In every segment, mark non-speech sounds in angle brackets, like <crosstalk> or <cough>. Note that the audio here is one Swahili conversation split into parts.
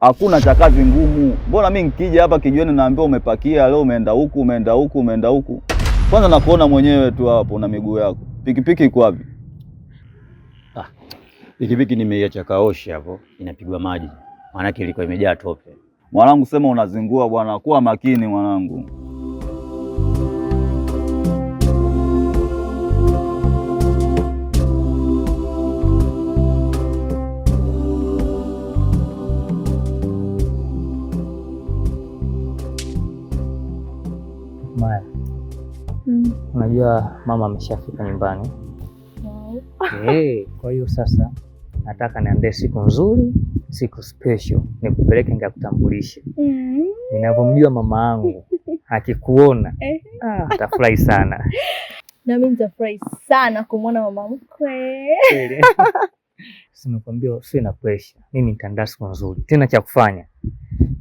hakuna cha kazi ngumu. Mbona mi nkija hapa kijiweni naambiwa umepakia leo, umeenda huku, umeenda huku, umeenda huku. Kwanza nakuona mwenyewe tu hapo na miguu yako. Pikipiki iko wapi? Ah, pikipiki nimeiacha kaoshi hapo, inapigwa maji, maanake ilikuwa imejaa tope. Mwanangu, sema unazingua bwana, kuwa makini mwanangu. Maya, mm. Unajua mama ameshafika nyumbani yeah. Hey, kwa hiyo sasa nataka niandae siku nzuri, siku special, nikupeleke ngakutambulishe. mm. Ninavyomjua mama yangu akikuona eh. ah, atafurahi sana na mimi nitafurahi sana kumwona mama mkwe. Simekwambia usiwe na pressure. mimi nitaandaa siku nzuri tena, cha kufanya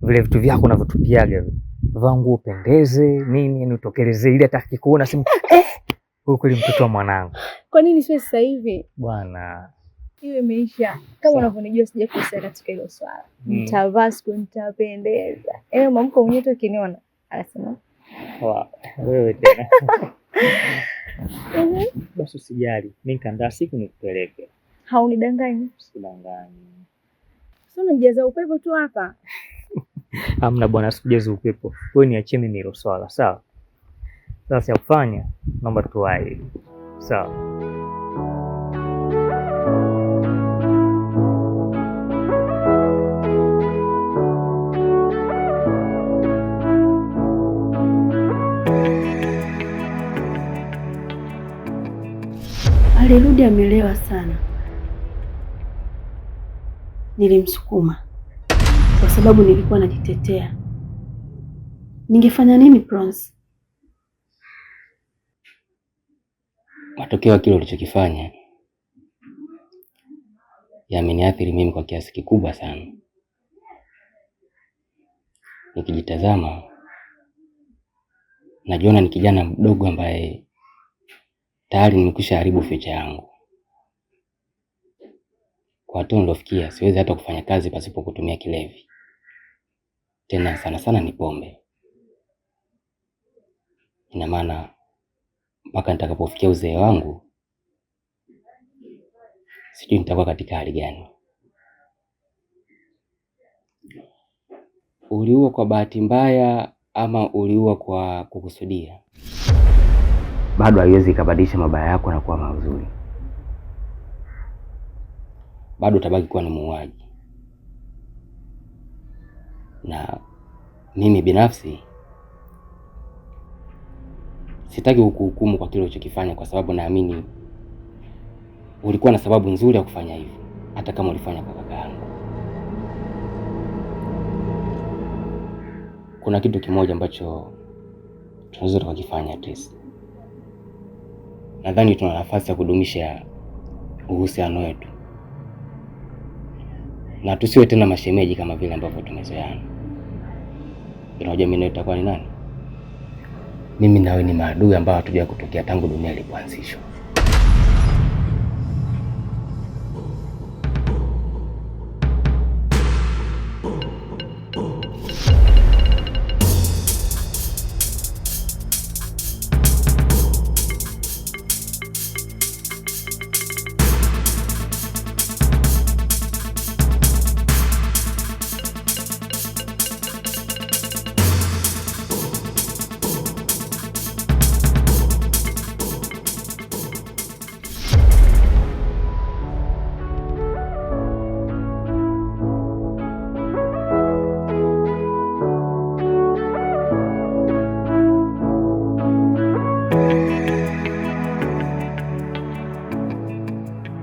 vile vitu vyako unavyotupiaga vile vangu upendeze nini, nitokeleze ile atakikuona simu eh, huyu kweli mtoto wa mwanangu. Kwa nini sio sasa hivi bwana? Hiyo imeisha kama unavyonijua, sija kuisha katika hilo swala. Mm. Nitavaa siku, nitapendeza. Ewe eh, mamko mwenyewe tu akiniona anasema wewe tena. Mhm. Basi usijali, mi nitaandaa siku nikupeleke. Haunidanganyi? Sikudanganyi. Sasa unajaza upepo tu hapa. Hamna bwana, sijazi ukwepo wewe, niachie mimi hilo swala sawa. Sasa ya kufanya, naomba tuwahi sawa. Alirudi amelewa sana, nilimsukuma sababu nilikuwa najitetea. Ningefanya nini Prince? Matokeo ya kile ulichokifanya yameniathiri mimi kwa kiasi kikubwa sana. Nikijitazama najiona ni kijana mdogo ambaye tayari nimekwisha haribu future yangu. Kwa hatua niliofikia siwezi hata kufanya kazi pasipo kutumia kilevi tena sana sana ni pombe. Ina maana mpaka nitakapofikia uzee wangu sijui nitakuwa katika hali gani. Uliua kwa bahati mbaya ama uliua kwa kukusudia, bado haiwezi ikabadilisha mabaya yako na kuwa mazuri, bado utabaki kuwa ni muuaji na mimi binafsi sitaki kukuhukumu kwa kile ulichokifanya, kwa sababu naamini ulikuwa na sababu nzuri ya kufanya hivyo, hata kama ulifanya kwa kaka yangu. Kuna kitu kimoja ambacho tunaweza tukakifanya, Tris. Nadhani tuna nafasi ya kudumisha uhusiano wetu na tusiwe tena mashemeji kama vile ambavyo tumezoeana. Unajua mimi nitakuwa ni nani? Mimi nawe ni maadui ambao hatuja kutokea tangu dunia ilipoanzishwa.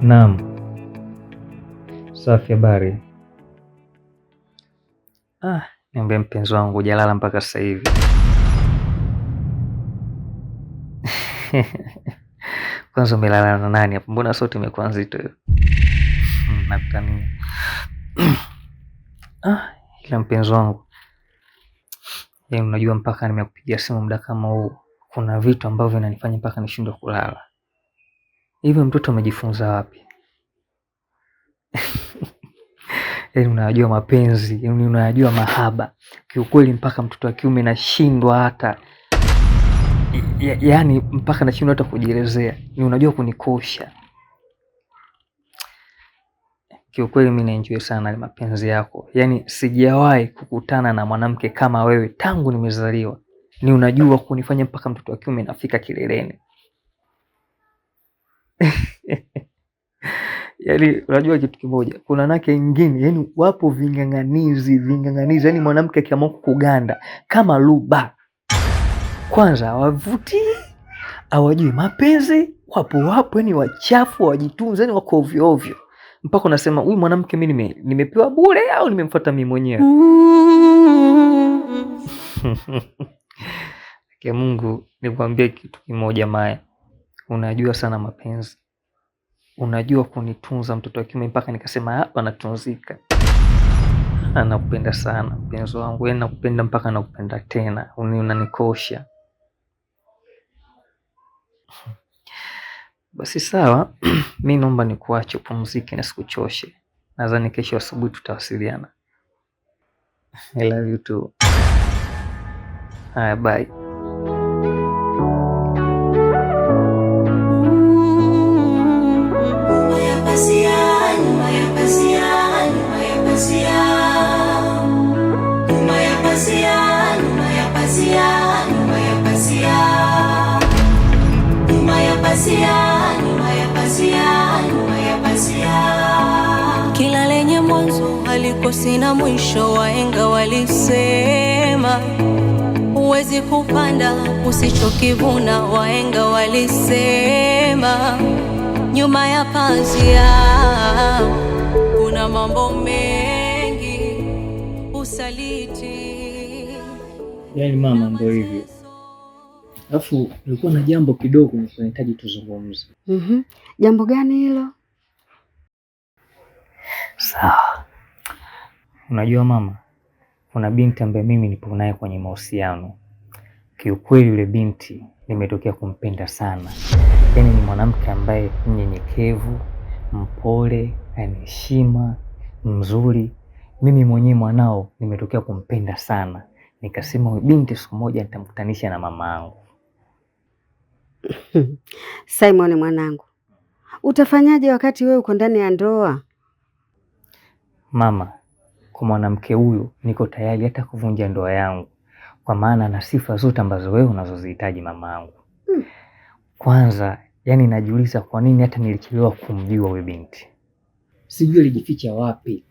Naam, safi. Habari? Ah, niambie mpenzi wangu, hujalala mpaka sasa hivi? <laughs> Kwanza umelala na nani hapo? Mbona sauti imekuwa nzito hiyo? Hmm, nakutania. <clears throat> Ah, ila mpenzi wangu, yaani unajua mpaka nimekupigia simu muda kama huu, kuna vitu ambavyo vinanifanya mpaka nishindwe kulala Hivyo mtoto amejifunza wapi? <laughs> Yaani unayajua mapenzi, yaani unayajua mahaba kiukweli, mpaka mtoto wa kiume nashindwa hata ya, yaani mpaka nashindwa hata kujielezea. Ni unajua kunikosha kiukweli. Mi naenjoy sana mapenzi yako, yaani sijawahi kukutana na mwanamke kama wewe tangu nimezaliwa. Ni unajua kunifanya mpaka mtoto wa kiume nafika kileleni. <laughs> Yaani unajua kitu kimoja, kuna nake ingine, yani wapo ving'ang'anizi, ving'ang'anizi yani mwanamke akiamua kukuganda kama luba, kwanza awavuti awajui mapenzi, wapo wapo yani wachafu, hawajitunzi, yani wako ovyo ovyo, mpaka unasema huyu mwanamke mi nime, nimepewa bure au nimemfuata mi mwenyewe? Mm. <laughs> Mungu nikuambie kitu kimoja Maya unajua sana mapenzi, unajua kunitunza mtoto wa kiume, mpaka nikasema hapa natunzika. Anakupenda sana mpenzi wangu, yani nakupenda mpaka nakupenda tena, unanikosha. Basi sawa, <clears throat> mi naomba nikuache upumzike na sikuchoshe. Nadhani kesho asubuhi tutawasiliana. I love you too. Haya, bye. huko sina mwisho. Waenga walisema huwezi kupanda usichokivuna. Waenga walisema nyuma ya pazia kuna mambo mengi, usaliti. Yani mama, ndo hivyo. Alafu nilikuwa na jambo kidogo nahitaji tuzungumze. mm -hmm. Jambo gani hilo? Sawa unajua mama, kuna binti ambaye mimi nipo naye kwenye mahusiano. Kiukweli yule binti nimetokea kumpenda sana, yaani ni mwanamke ambaye mnyenyekevu, mpole, anaheshima mzuri. Mimi mwenyewe mwanao nimetokea kumpenda sana, nikasema huyu binti siku moja nitamkutanisha na mama yangu. <laughs> Simon mwanangu, utafanyaje wakati wewe uko ndani ya ndoa? Mama, kwa mwanamke huyu, niko tayari hata kuvunja ndoa yangu, kwa maana na sifa zote ambazo wewe unazozihitaji mama yangu. Hmm. Kwanza yani najiuliza kwa nini hata nilichelewa kumjua huyu binti, sijui alijificha wapi,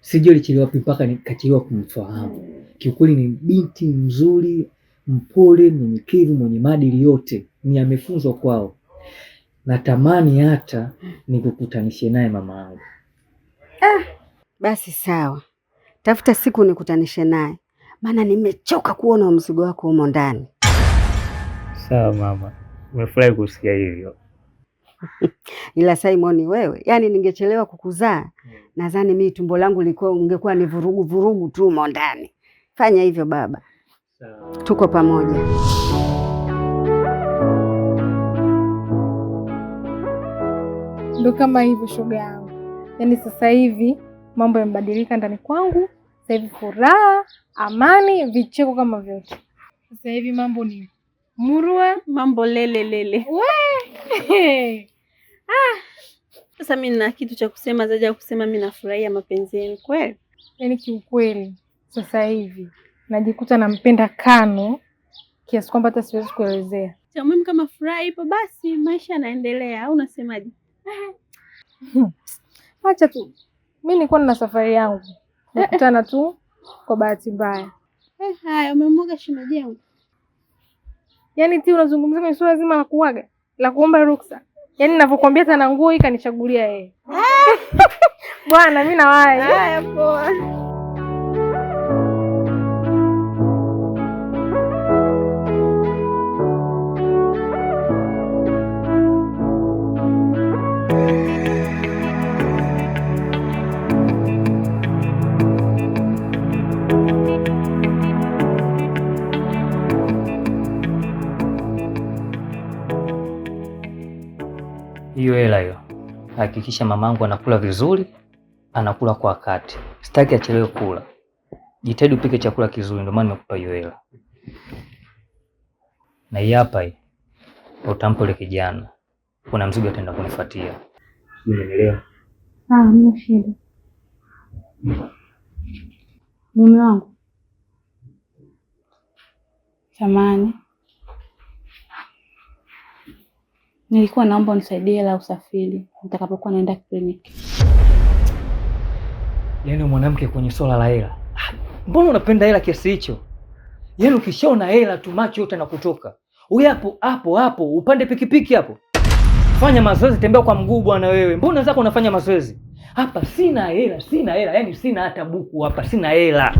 sijui alichelewa wapi mpaka nikachelewa kumfahamu. Kiukweli ni binti mzuri, mpole, mnyenyekevu, mwenye maadili yote ni amefunzwa kwao. Natamani hata nikukutanishe naye mama yangu. Ah, basi sawa, tafuta siku nikutanishe naye, maana nimechoka kuona mzigo wako humo ndani. Sawa mama, nimefurahi kusikia hivyo <laughs> ila Simon wewe, yani ningechelewa kukuzaa hmm. nadhani mimi tumbo langu liko ungekuwa ni vurugu vurugu tu humo ndani. Fanya hivyo baba. Sawa. Tuko pamoja. Ndo kama hivyo shoga yangu, yaani sasa hivi mambo yamebadilika ndani kwangu sasa hivi furaha, amani, vicheko kama vyote. Sasa hivi mambo ni murua, mambo lele lele. We! <laughs> ah. Sasa mi na kitu cha kusema zaidi ya kusema mi nafurahia mapenzi yenu kweli, yaani kiukweli, sasa hivi najikuta nampenda kano kiasi kwamba hata siwezi kuelezea. Cha muhimu kama furaha ipo, basi maisha yanaendelea, au unasemaje? <laughs> Acha tu, mi nilikuwa nina safari yangu Kukutana tu kwa bahati mbaya. Eh, haya umemwaga shemeji yangu. Yaani ti unazungumzia kwenye swala zima la kuaga, la kuomba ruksa. Yaani ninavyokuambia tana nguo hii kanichagulia yeye. Ah! <laughs> Bwana mimi na Haya poa. hiyo hela hiyo, hakikisha mamangu anakula vizuri, anakula kwa wakati, sitaki achelewe kula. Jitahidi upike chakula kizuri, ndio maana nimekupa hiyo hela. Na hii hapa hii, utampa ile kijana, kuna mzigo ataenda kunifuatia. Ah, mna shida mume wangu, Samani. Nilikuwa naomba unisaidie hela usafiri nitakapokuwa naenda kliniki. Yaani mwanamke kwenye swala la hela, ah, mbona unapenda hela kiasi hicho? Yaani ukishaona hela tu macho yote nakutoka. Uye hapo hapo hapo upande pikipiki hapo, fanya mazoezi, tembea kwa mguu bwana wewe. Mbona zako unafanya mazoezi? Hapa sina hela, sina hela, yaani sina hata buku hapa, sina hela,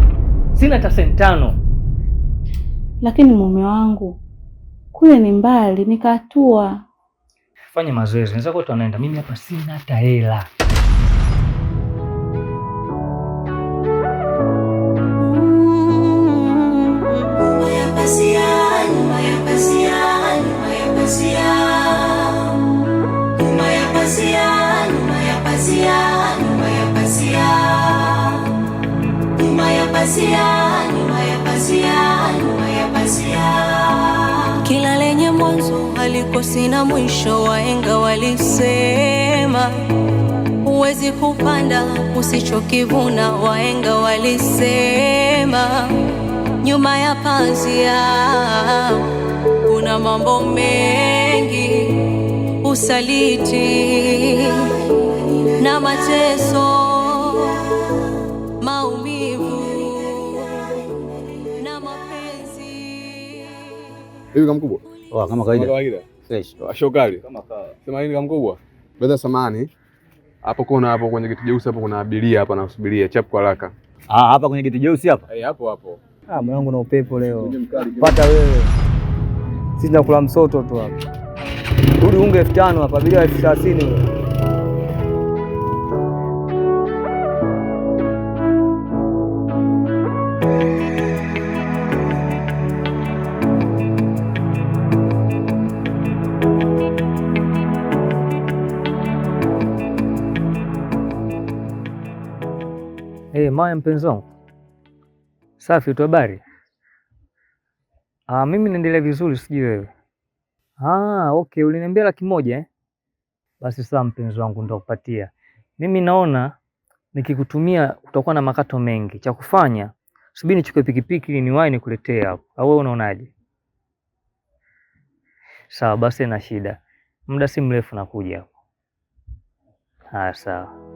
sina hata sentano. Lakini mume wangu, kule ni mbali, nikatua fanya mazoezi. Wenzako wote wanaenda, mimi hapa sina hata hela. Nyuma ya pazia yako sina mwisho. Waenga walisema huwezi kupanda usichokivuna. Waenga walisema nyuma ya pazia kuna mambo mengi, usaliti na mateso, maumivu na mapenzi. Hivi kama kubwa oh, kama kawaida fresh. Shokali. Kama kawa. Sema hili kamkubwa. Beza samani. Hapo kuna hapo kwenye kitu jeusi hapo kuna abiria hapa anasubiria chapu kwa haraka. Ah, hapa kwenye kitu jeusi hapa? Eh, hapo hapo. Ah, mwanangu na upepo leo. Pata wewe. Sisi tunakula msoto tu hapa. Rudi unge elfu tano hapa abiria elfu thelathini. Himaya, mpenzi wangu. Safi, tu habari? Ah, mimi naendelea vizuri, sijui wewe. Ah, okay, uliniambia laki moja eh? Basi sawa mpenzi wangu, nitakupatia. Mimi naona nikikutumia utakuwa na makato mengi. Cha kufanya subiri nichukue pikipiki ili niwahi nikuletee hapo, au wewe unaonaje? Sawa basi, na shida, muda si mrefu nakuja hapo. Haya, ah, sawa.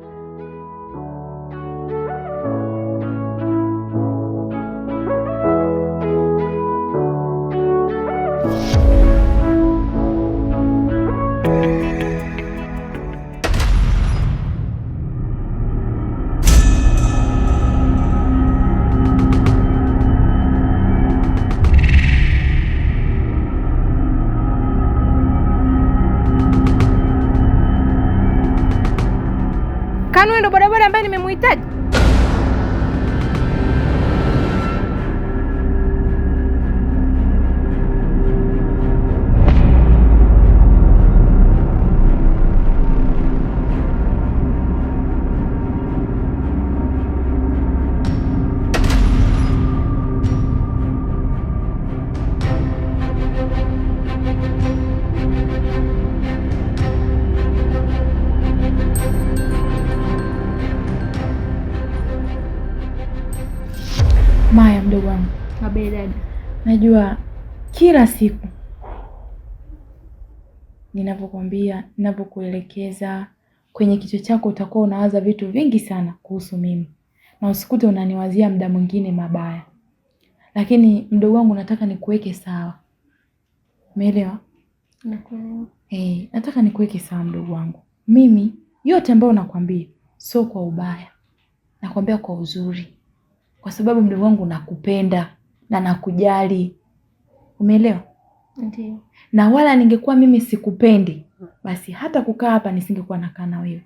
that Unajua kila siku ninavyokwambia, ninavyokuelekeza kwenye kichwa chako, utakuwa unawaza vitu vingi sana kuhusu mimi, na usikute unaniwazia muda mwingine mabaya. Lakini mdogo wangu, nataka nikuweke sawa, umeelewa? Hey, eh, nataka nikuweke sawa mdogo wangu. Mimi yote ambayo nakwambia sio kwa ubaya, nakwambia kwa uzuri, kwa sababu mdogo wangu nakupenda na nakujali, umeelewa? Na wala ningekuwa mimi sikupendi, basi hata kukaa hapa nisingekuwa nakaa na wewe.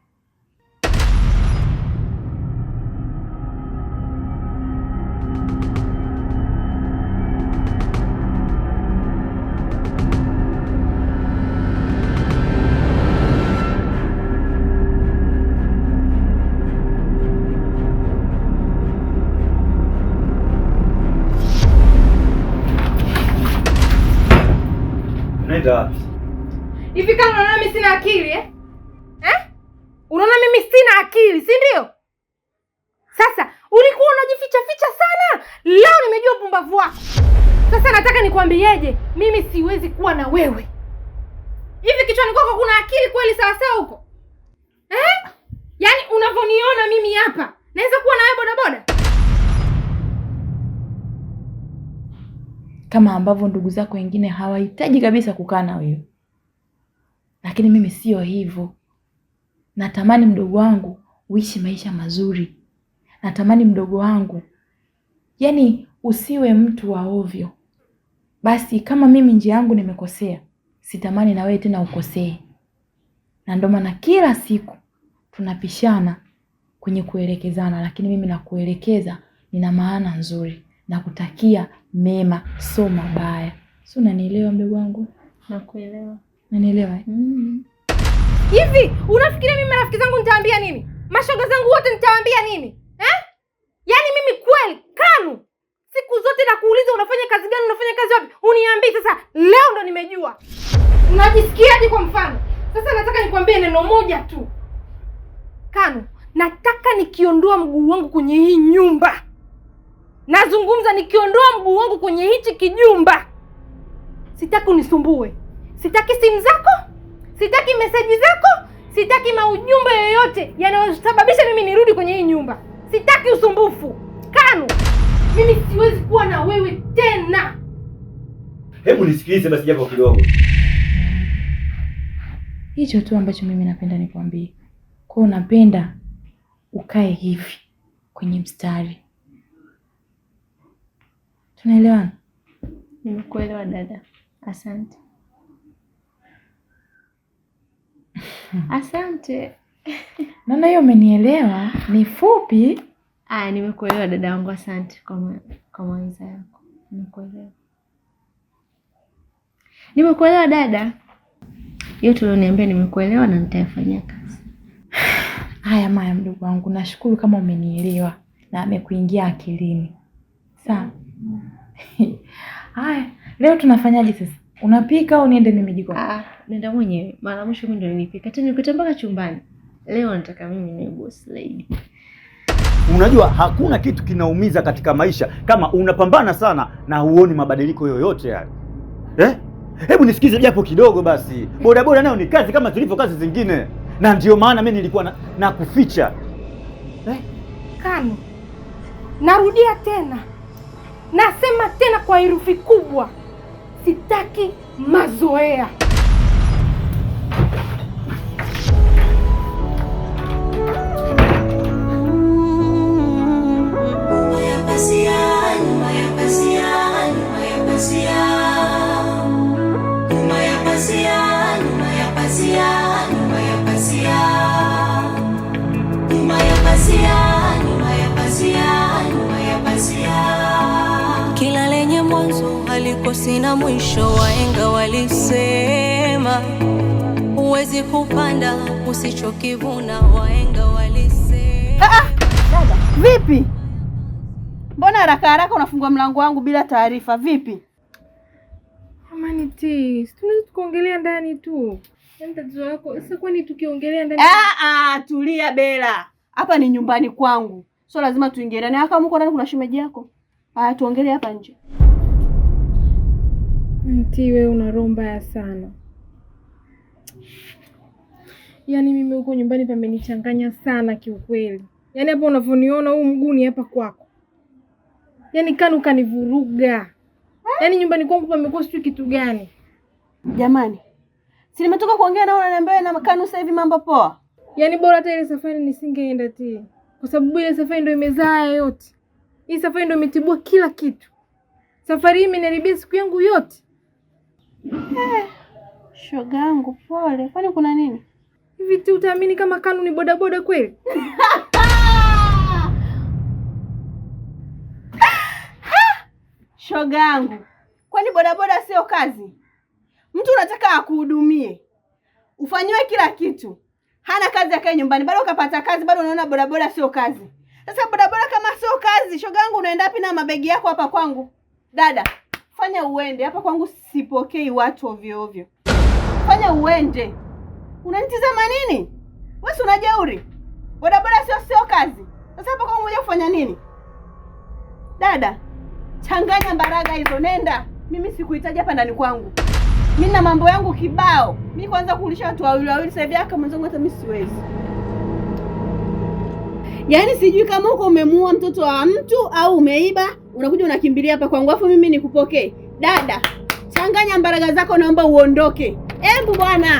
Unaenda wapi? Hivi kama unaona mimi sina akili eh? Eh? Unaona mimi sina akili, si ndio? Sasa ulikuwa unajificha ficha sana, leo nimejua upumbavu wako. Sasa nataka nikwambieje, mimi siwezi kuwa na wewe. Hivi kichwani kwako kuna akili kweli sawasawa huko eh? Yaani unavyoniona mimi hapa naweza kuwa na wewe bodaboda kama ambavyo ndugu zako wengine hawahitaji kabisa kukaa na wewe. Lakini mimi sio hivyo. Natamani mdogo wangu uishi maisha mazuri. Natamani mdogo wangu, yaani usiwe mtu wa ovyo. Basi kama mimi njia yangu nimekosea, sitamani na wewe tena ukosee. Na ndio maana kila siku tunapishana kwenye kuelekezana, lakini mimi nakuelekeza, nina maana nzuri, na kutakia mema, so mabaya. Si unanielewa mdogo wangu? Nakuelewa. hivi Mm. Hivi unafikiria mimi marafiki zangu nitaambia nini? Mashoga zangu wote nitawaambia nini eh? Yaani mimi kweli Kanu, siku zote nakuuliza unafanya kazi gani, unafanya kazi wapi, uniambii. Sasa leo ndo nimejua. Unajisikiaje? Kwa mfano sasa, nataka nikwambie neno moja tu Kanu, nataka nikiondoa mguu wangu kwenye hii nyumba Nazungumza nikiondoa mguu wangu kwenye hichi kijumba. Sitaki unisumbue, sitaki simu zako, sitaki meseji zako, sitaki maujumbe yoyote yanayosababisha mimi nirudi kwenye hii nyumba. Sitaki usumbufu Kanu, mimi siwezi kuwa na wewe tena. Hebu nisikilize basi japo kidogo. Hicho tu ambacho mimi napenda nikwambie. Kwa unapenda ukae hivi kwenye mstari Naelewana? Nimekuelewa dada. Asante. <laughs> Asante. Naona hiyo umenielewa, ni fupi. Aya, nimekuelewa dada wangu, asante kwa mwanza yako. Nimekuelewa, nimekuelewa dada. Yote ulioniambia nimekuelewa na nitayafanyia kazi. <sighs> Haya maya, mdogo wangu, nashukuru kama umenielewa na amekuingia akilini. Sawa. <laughs> Haya, leo tunafanyaje sasa? Unapika au niende mimi jikoni? Ah, nenda mwenyewe. Mara mwisho mimi ndo nilipika. Tena nikutembaka chumbani. Leo nataka mimi niwe boss lady. Unajua hakuna kitu kinaumiza katika maisha kama unapambana sana na huoni mabadiliko yoyote yale. Eh? Hebu nisikize japo kidogo basi. Boda boda nayo ni kazi kama tulivyo kazi zingine. Na ndio maana mimi nilikuwa na, na kuficha. Eh? Kanu. Narudia tena. Nasema tena kwa herufi kubwa, sitaki mazoea. Nyuma ya pazia, nyuma ya pazia, nyuma ya pazia. sina mwisho. Waenga walisema huwezi kupanda usichokivuna. Waenga walisema. Ah, ah vipi? Mbona haraka haraka unafungua mlango wangu bila taarifa? Vipi Amani T, tunaweza tukaongelea ndani tu. Yaani sasa, kwani tukiongelea ndani? Ah, ah, tulia Bela, hapa ni nyumbani kwangu, so lazima tuingie ndani. Ah, kama uko ndani kuna shemeji yako. Haya, tuongelee hapa nje. Mti, wewe una roho mbaya sana. Yaani mimi huko nyumbani pamenichanganya sana kiukweli. Yaani hapa unavyoniona huu mguu ni hapa kwako, yaani kanu kanivuruga Yaani nyumbani kwangu pamekuwa sijui kitu gani. Jamani, si nimetoka kuongea nao, naniambia na Makanu sasa hivi mambo poa. Yaani bora hata ile safari nisingeenda ti, kwa sababu ile safari ndio imezaa yote. Hii safari ndio imetibua kila kitu. Safari hii imeniharibia siku yangu yote. Eh, shoga yangu pole. Kwani kuna nini? Hivi tu utaamini kama Kanu ni bodaboda kweli? <laughs> Shoga yangu, kwani bodaboda sio kazi? Mtu unataka akuhudumie, ufanyiwe kila kitu, hana kazi yake nyumbani, bado ukapata kazi, bado unaona bodaboda sio kazi. Sasa bodaboda kama sio kazi, shoga yangu, unaenda wapi na mabegi yako hapa kwangu, dada? Fanya uende hapa kwangu, sipokei watu ovyo ovyo. Fanya uende. Unanitizama nini? Wewe una jeuri? Bodaboda sio sio kazi. Sasa hapa kwangu unakuja kufanya nini? Dada, changanya baraga hizo, nenda. Mimi sikuhitaji hapa ndani kwangu. Mimi na mambo yangu kibao. Mimi kwanza kuulisha watu wawili wawili sasa hivi aka mwanzo hata mimi siwezi. Yaani sijui kama uko umemuua mtoto wa mtu au umeiba unakuja unakimbilia hapa kwangu, afu mimi nikupokee? Dada, changanya mbaraga zako, naomba uondoke. Hebu bwana.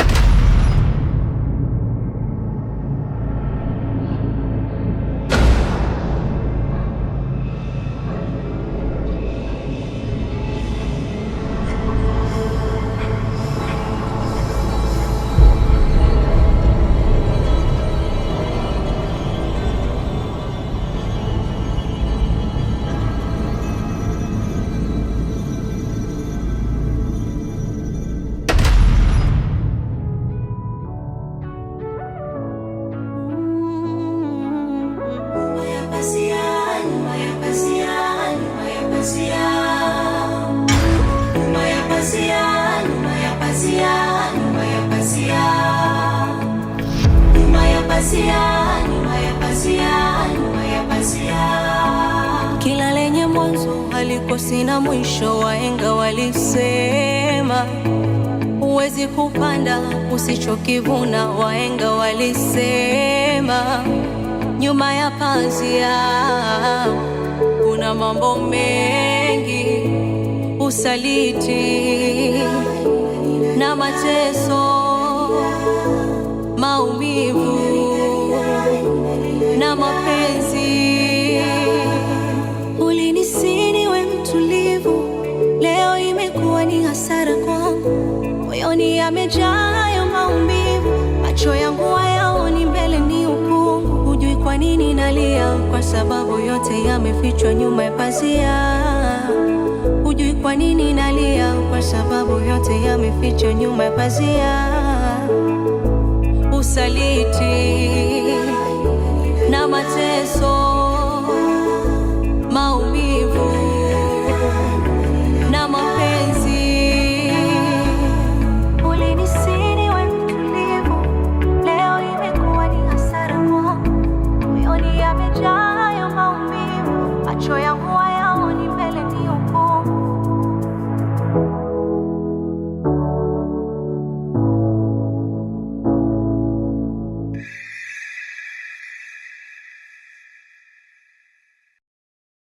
walisema huwezi kupanda usichokivuna. Waenga walisema nyuma ya pazia kuna mambo mengi, usaliti na mateso, maumivu moyoni yamejaa ya maumivu, macho yangu hayaoni mbele, ni ukungu. Hujui kwa nini nalia, kwa sababu yote yamefichwa nyuma ya pazia. Hujui kwa nini nalia, kwa sababu yote yamefichwa nyuma ya pazia. Usaliti na mateso mau